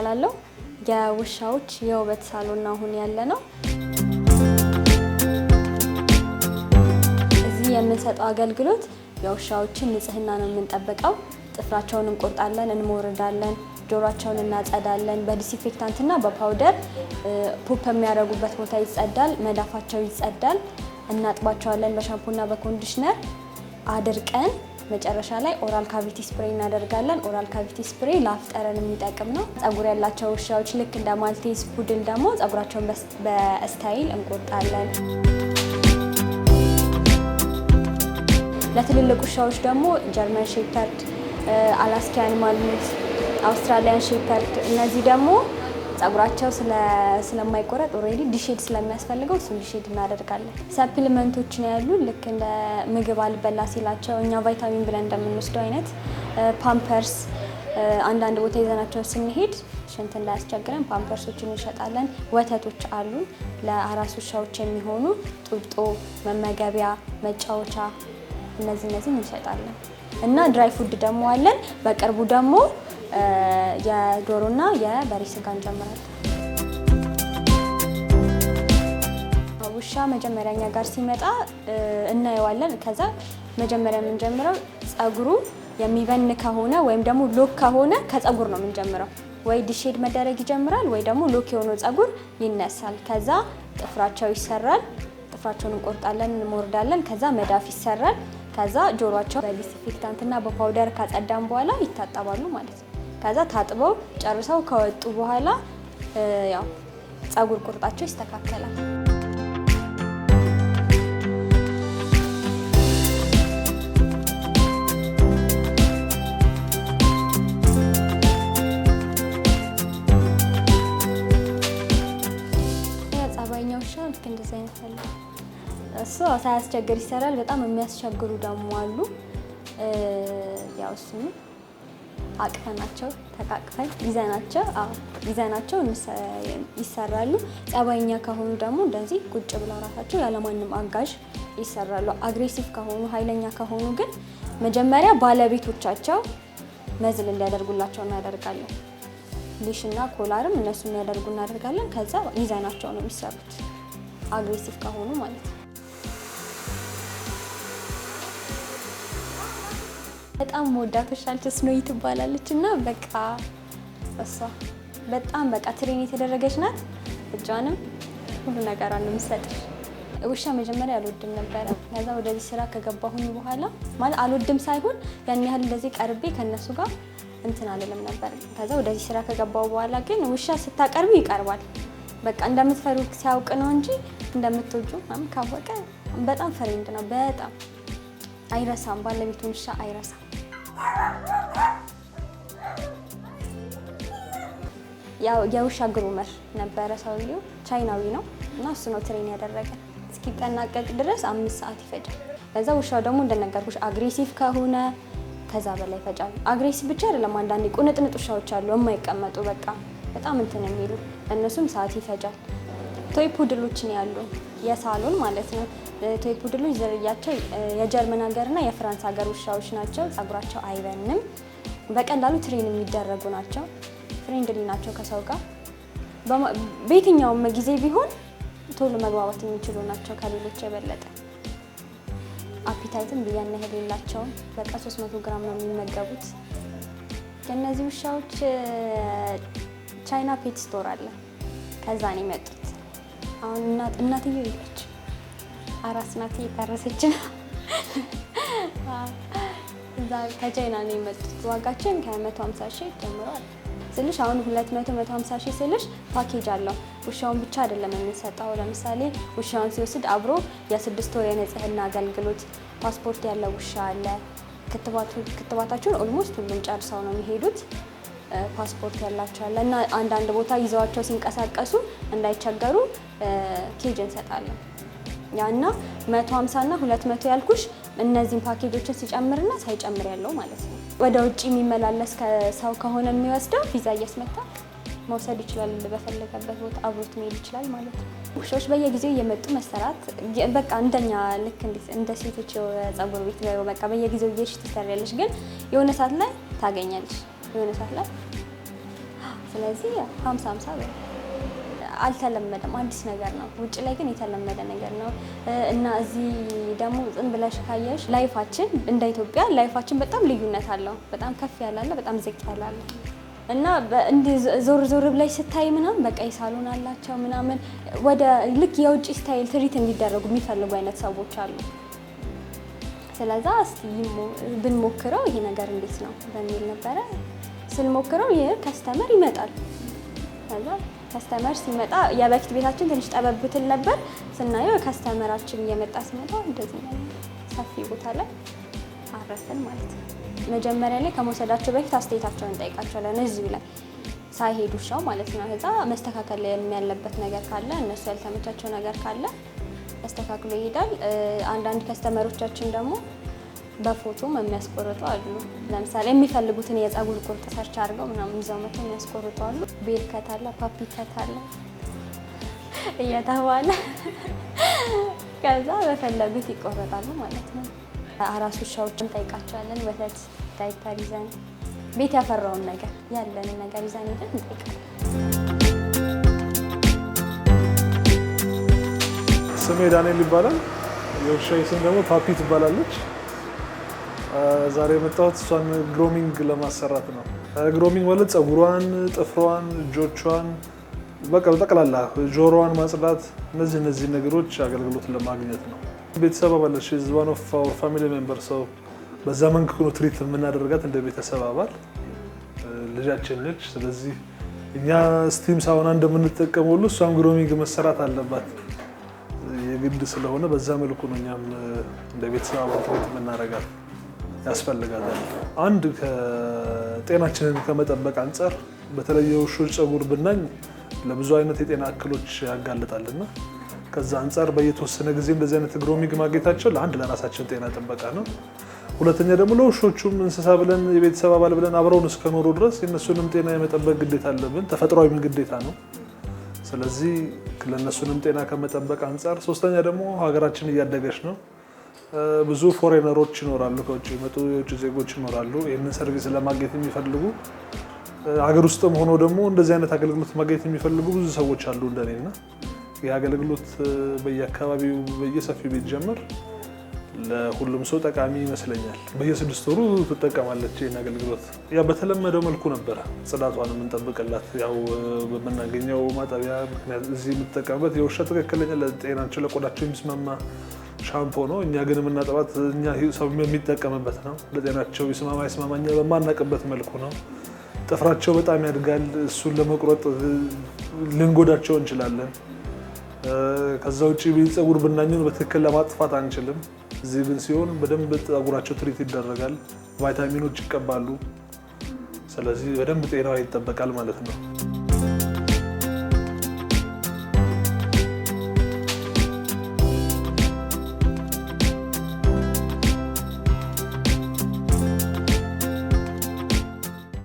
እባላለሁ። የውሻዎች የውበት ሳሎን አሁን ያለ ነው። እዚህ የምንሰጠው አገልግሎት የውሻዎችን ንጽህና ነው የምንጠብቀው። ጥፍራቸውን እንቆርጣለን፣ እንሞርዳለን፣ ጆሯቸውን እናጸዳለን እና በፓውደር። ፑፕ የሚያደርጉበት ቦታ ይጸዳል፣ መዳፋቸው ይጸዳል፣ እናጥባቸዋለን በሻምፖና በኮንዲሽነር አድርቀን መጨረሻ ላይ ኦራል ካቪቲ ስፕሬይ እናደርጋለን። ኦራል ካቪቲ ስፕሬይ ለአፍ የሚጠቅም ነው። ጸጉር ያላቸው ውሻዎች ልክ እንደ ማልቴዝ ፑድል ደግሞ ጸጉራቸውን በስታይል እንቆርጣለን። ለትልልቅ ውሻዎች ደግሞ ጀርመን ሼፐርድ፣ አላስኪያን ማልሙት፣ አውስትራሊያን ሼፐርድ እነዚህ ደግሞ ጸጉራቸው ስለማይቆረጥ ኦልሬዲ ዲሼድ ስለሚያስፈልገው እሱን ዲሼድ እናደርጋለን። ሰፕሊመንቶች ነው ያሉ ልክ እንደ ምግብ አልበላ ሲላቸው እኛ ቫይታሚን ብለን እንደምንወስደው አይነት ፓምፐርስ አንዳንድ ቦታ ይዘናቸው ስንሄድ ሽንት እንዳያስቸግረን ፓምፐርሶችን እንሸጣለን። ወተቶች አሉን ለአራስ ውሻዎች የሚሆኑ ጡጦ፣ መመገቢያ፣ መጫወቻ እነዚህ እነዚህ እንሸጣለን። እና ድራይ ፉድ ደግሞ አለን። በቅርቡ ደግሞ የዶሮና የበሬ ስጋ እንጀምራለን። ውሻ መጀመሪያኛ ጋር ሲመጣ እናየዋለን። ከዛ መጀመሪያ የምንጀምረው ጸጉሩ የሚበን ከሆነ ወይም ደግሞ ሎክ ከሆነ ከጸጉር ነው የምንጀምረው። ወይ ዲሼድ መደረግ ይጀምራል ወይ ደግሞ ሎክ የሆነው ጸጉር ይነሳል። ከዛ ጥፍራቸው ይሰራል። ጥፍራቸውን እንቆርጣለን፣ እንሞርዳለን። ከዛ መዳፍ ይሰራል። ከዛ ጆሮቸው በዲስኢንፌክታንትና በፓውደር ካጸዳን በኋላ ይታጠባሉ ማለት ነው። ከዛ ታጥበው ጨርሰው ከወጡ በኋላ ያው ጸጉር ቁርጣቸው ይስተካከላል። ጸባይኛው ውሻ ልክ እንደዚህ አይነት አለ። እሱ ሳያስቸግር ይሰራል። በጣም የሚያስቸግሩ ደግሞ አሉ። ያው እሱም አቅፈናቸው ተቃቅፈን ይዘናቸው ይዘናቸው ይሰራሉ። ጸባይኛ ከሆኑ ደግሞ እንደዚህ ቁጭ ብለው ራሳቸው ያለማንም አጋዥ ይሰራሉ። አግሬሲቭ ከሆኑ ኃይለኛ ከሆኑ ግን መጀመሪያ ባለቤቶቻቸው መዝል እንዲያደርጉላቸው እናደርጋለን። ሊሽና ኮላርም እነሱ የሚያደርጉ እናደርጋለን። ከዛ ይዘናቸው ነው የሚሰሩት አግሬሲቭ ከሆኑ ማለት ነው። በጣም መወዳቶች አልችስ ነው ትባላለች እና በቃ እሷ በጣም በቃ ትሬን የተደረገች ናት። እጇንም ሁሉ ነገር ነው ሰጥ ውሻ መጀመሪያ አልወድም ነበረ። ከዛ ወደዚህ ስራ ከገባሁኝ በኋላ ማለት አልወድም ሳይሆን ያን ያህል እንደዚህ ቀርቤ ከእነሱ ጋር እንትን አልልም ነበር። ከዛ ወደዚህ ስራ ከገባሁ በኋላ ግን ውሻ ስታቀርቢ ይቀርባል። በቃ እንደምትፈሩ ሲያውቅ ነው እንጂ እንደምትወጁ ካወቀ በጣም ፍሬንድ ነው በጣም አይረሳም። ባለቤቱን ውሻ አይረሳም። ያው የውሻ ግሩመር ነበረ ሰውየው ቻይናዊ ነው እና እሱ ነው ትሬን ያደረገን እስኪጠናቀቅ ድረስ አምስት ሰዓት ይፈጃል። ከዛ ውሻው ደግሞ እንደነገርኩሽ አግሬሲቭ ከሆነ ከዛ በላይ ይፈጃል። አግሬሲቭ ብቻ አይደለም፣ አንዳንዴ ቁንጥንጥ ውሻዎች አሉ የማይቀመጡ በቃ በጣም እንትን የሚሉ እነሱም ሰዓት ይፈጃል። ቶይ ነው ያሉ የሳሎን ማለት ነው። ቶይ ፑድሎች ዝርያቸው የጀርመን ሀገርና የፍራንስ ሀገር ውሻዎች ናቸው። ጸጉራቸው አይበንም፣ በቀላሉ ትሬን የሚደረጉ ናቸው። ፍሬንድሊ ናቸው ከሰው ጋር በየትኛውም ጊዜ ቢሆን ቶሎ መግባባት የሚችሉ ናቸው። ከሌሎች የበለጠ አፒታይትም ብያን ያህል የላቸውም። በቃ 300 ግራም ነው የሚመገቡት። የእነዚህ ውሻዎች ቻይና ፔት ስቶር አለ፣ ከዛ ነው የመጡት። አሁን እናትየው የለች አራስ ናት እየታረሰች ነው። እዛ ከቻይና ነው የመጡት። ዋጋችን ከመቶ 150 ሺህ ጀምሯል ስልሽ አሁን 200 150 ሺህ ስልሽ ፓኬጅ አለው። ውሻውን ብቻ አይደለም የምንሰጠው። ለምሳሌ ውሻውን ሲወስድ አብሮ የስድስት ወር የንጽህና አገልግሎት ፓስፖርት ያለው ውሻ አለ። ክትባታቸውን ኦልሞስት ሁሉም ጨርሰው ነው የሚሄዱት። ፓስፖርት ያላቸው አለ እና አንዳንድ ቦታ ይዘዋቸው ሲንቀሳቀሱ እንዳይቸገሩ ኬጅ እንሰጣለን። ያና 150 እና 200 ያልኩሽ እነዚህን ፓኬጆችን ሲጨምርና ሳይጨምር ያለው ማለት ነው። ወደ ውጭ የሚመላለስ ከሰው ከሆነ የሚወስደው ቪዛ እያስመታ መውሰድ ይችላል። በፈለገበት ቦታ አብሮት መሄድ ይችላል ማለት ነው። ውሾች በየጊዜው እየመጡ መሰራት በቃ እንደኛ ልክ እንደ ሴቶች ፀጉር ቤት በቃ በየጊዜው እየሽ ትሰሪያለሽ፣ ግን የሆነ ሰዓት ላይ ታገኛለሽ፣ የሆነ ሰዓት ላይ ስለዚህ ሀምሳ ሀምሳ አልተለመደም፣ አዲስ ነገር ነው። ውጭ ላይ ግን የተለመደ ነገር ነው እና እዚህ ደግሞ ዝም ብለሽ ካየሽ ላይፋችን እንደ ኢትዮጵያ ላይፋችን በጣም ልዩነት አለው። በጣም ከፍ ያላለ፣ በጣም ዝቅ ያላለ እና ዞር ዞር ብላይ ስታይ ምናምን በቃ ሳሎን አላቸው ምናምን ወደ ልክ የውጭ ስታይል ትሪት እንዲደረጉ የሚፈልጉ አይነት ሰዎች አሉ። ስለዛ እስቲ ብንሞክረው ይሄ ነገር እንዴት ነው በሚል ነበረ ስንሞክረው ይህ ከስተመር ይመጣል ከዛ ከስተመር ሲመጣ የበፊት ቤታችን ትንሽ ጠበብ ነበር። ስናየው ከስተመራችን እየመጣ ሲመጣ እንደዚህ ሰፊ ቦታ ላይ አረፍን ማለት ነው። መጀመሪያ ላይ ከመውሰዳቸው በፊት አስተያየታቸውን እንጠይቃቸዋለን እዚሁ ላይ ሳይሄዱ ሻው ማለት ነው። ከዛ መስተካከል የሚያለበት ነገር ካለ እነሱ ያልተመቻቸው ነገር ካለ መስተካክሎ ይሄዳል። አንዳንድ ከስተመሮቻችን ደግሞ በፎቶ የሚያስቆርጡ አሉ። ለምሳሌ የሚፈልጉትን የፀጉር ቁርጥ ሰርች አድርገው ምናምን ይዘው መቶ የሚያስቆርጡ አሉ። ቤል ከታለ ፓፒ ከታለ እየተባለ ከዛ በፈለጉት ይቆረጣሉ ማለት ነው። አራሱ ሻዎች እንጠይቃቸዋለን። ወተት ዳይፐር ይዘን ቤት ያፈራውን ነገር ያለንን ነገር ይዘን ሄደን እንጠይቃለን። ስሜ ዳንኤል ይባላል። የውሻዬ ስም ደግሞ ፓፒ ትባላለች። ዛሬ የመጣሁት እሷን ግሮሚንግ ለማሰራት ነው። ግሮሚንግ ማለት ፀጉሯን፣ ጥፍሯን፣ እጆቿን በቃ በጠቅላላ ጆሮዋን ማጽዳት፣ እነዚህ እነዚህ ነገሮች አገልግሎት ለማግኘት ነው። ቤተሰብ አባለች ዋን ኦፍ አወር ፋሚሊ ሜምበር ሰው በዛ መንክ ሆኖ ትሪት የምናደርጋት እንደ ቤተሰብ አባል ልጃችን ነች። ስለዚህ እኛ ስቲም ሳውና እንደምንጠቀመው ሁሉ እሷም ግሮሚንግ መሰራት አለባት የግድ ስለሆነ በዛ መልኩ ነው እኛም እንደ ቤተሰብ አባል ትሪት የምናደርጋት። ያስፈልጋታል። አንድ ከጤናችንን ከመጠበቅ አንጻር በተለይ የውሾች ፀጉር ብናኝ ለብዙ አይነት የጤና እክሎች ያጋልጣልና ከዛ አንጻር በየተወሰነ ጊዜ እንደዚህ አይነት ግሮሚግ ማግኘታቸው ለአንድ ለራሳችን ጤና ጥበቃ ነው። ሁለተኛ ደግሞ ለውሾቹም እንስሳ ብለን የቤተሰብ አባል ብለን አብረውን እስከኖሩ ድረስ የእነሱንም ጤና የመጠበቅ ግዴታ አለብን። ተፈጥሯዊም ግዴታ ነው። ስለዚህ ለእነሱንም ጤና ከመጠበቅ አንጻር፣ ሶስተኛ ደግሞ ሀገራችን እያደገች ነው። ብዙ ፎሬነሮች ይኖራሉ፣ ከውጭ የመጡ የውጭ ዜጎች ይኖራሉ። ይህንን ሰርቪስ ለማግኘት የሚፈልጉ ሀገር ውስጥም ሆኖ ደግሞ እንደዚህ አይነት አገልግሎት ማግኘት የሚፈልጉ ብዙ ሰዎች አሉ እንደኔ እና ይህ አገልግሎት በየአካባቢው በየሰፊው ቢጀምር ለሁሉም ሰው ጠቃሚ ይመስለኛል። በየስድስት ወሩ ትጠቀማለች ይህን አገልግሎት። ያ በተለመደው መልኩ ነበረ ጽዳቷን የምንጠብቅላት ያው በምናገኘው ማጠቢያ ምክንያት እዚህ የምትጠቀምበት የውሻ ትክክለኛ ለጤናቸው ለቆዳቸው የሚስማማ ሻምፖ ነው። እኛ ግን የምናጠባት እኛ ሰው የሚጠቀምበት ነው። ለጤናቸው ይስማማ ይስማማኛ በማናቅበት መልኩ ነው። ጥፍራቸው በጣም ያድጋል። እሱን ለመቁረጥ ልንጎዳቸው እንችላለን። ከዛ ውጭ ጸጉር ብናኝን በትክክል ለማጥፋት አንችልም። እዚህ ግን ሲሆን በደንብ ጸጉራቸው ትሪት ይደረጋል፣ ቫይታሚኖች ይቀባሉ። ስለዚህ በደንብ ጤናዋ ይጠበቃል ማለት ነው።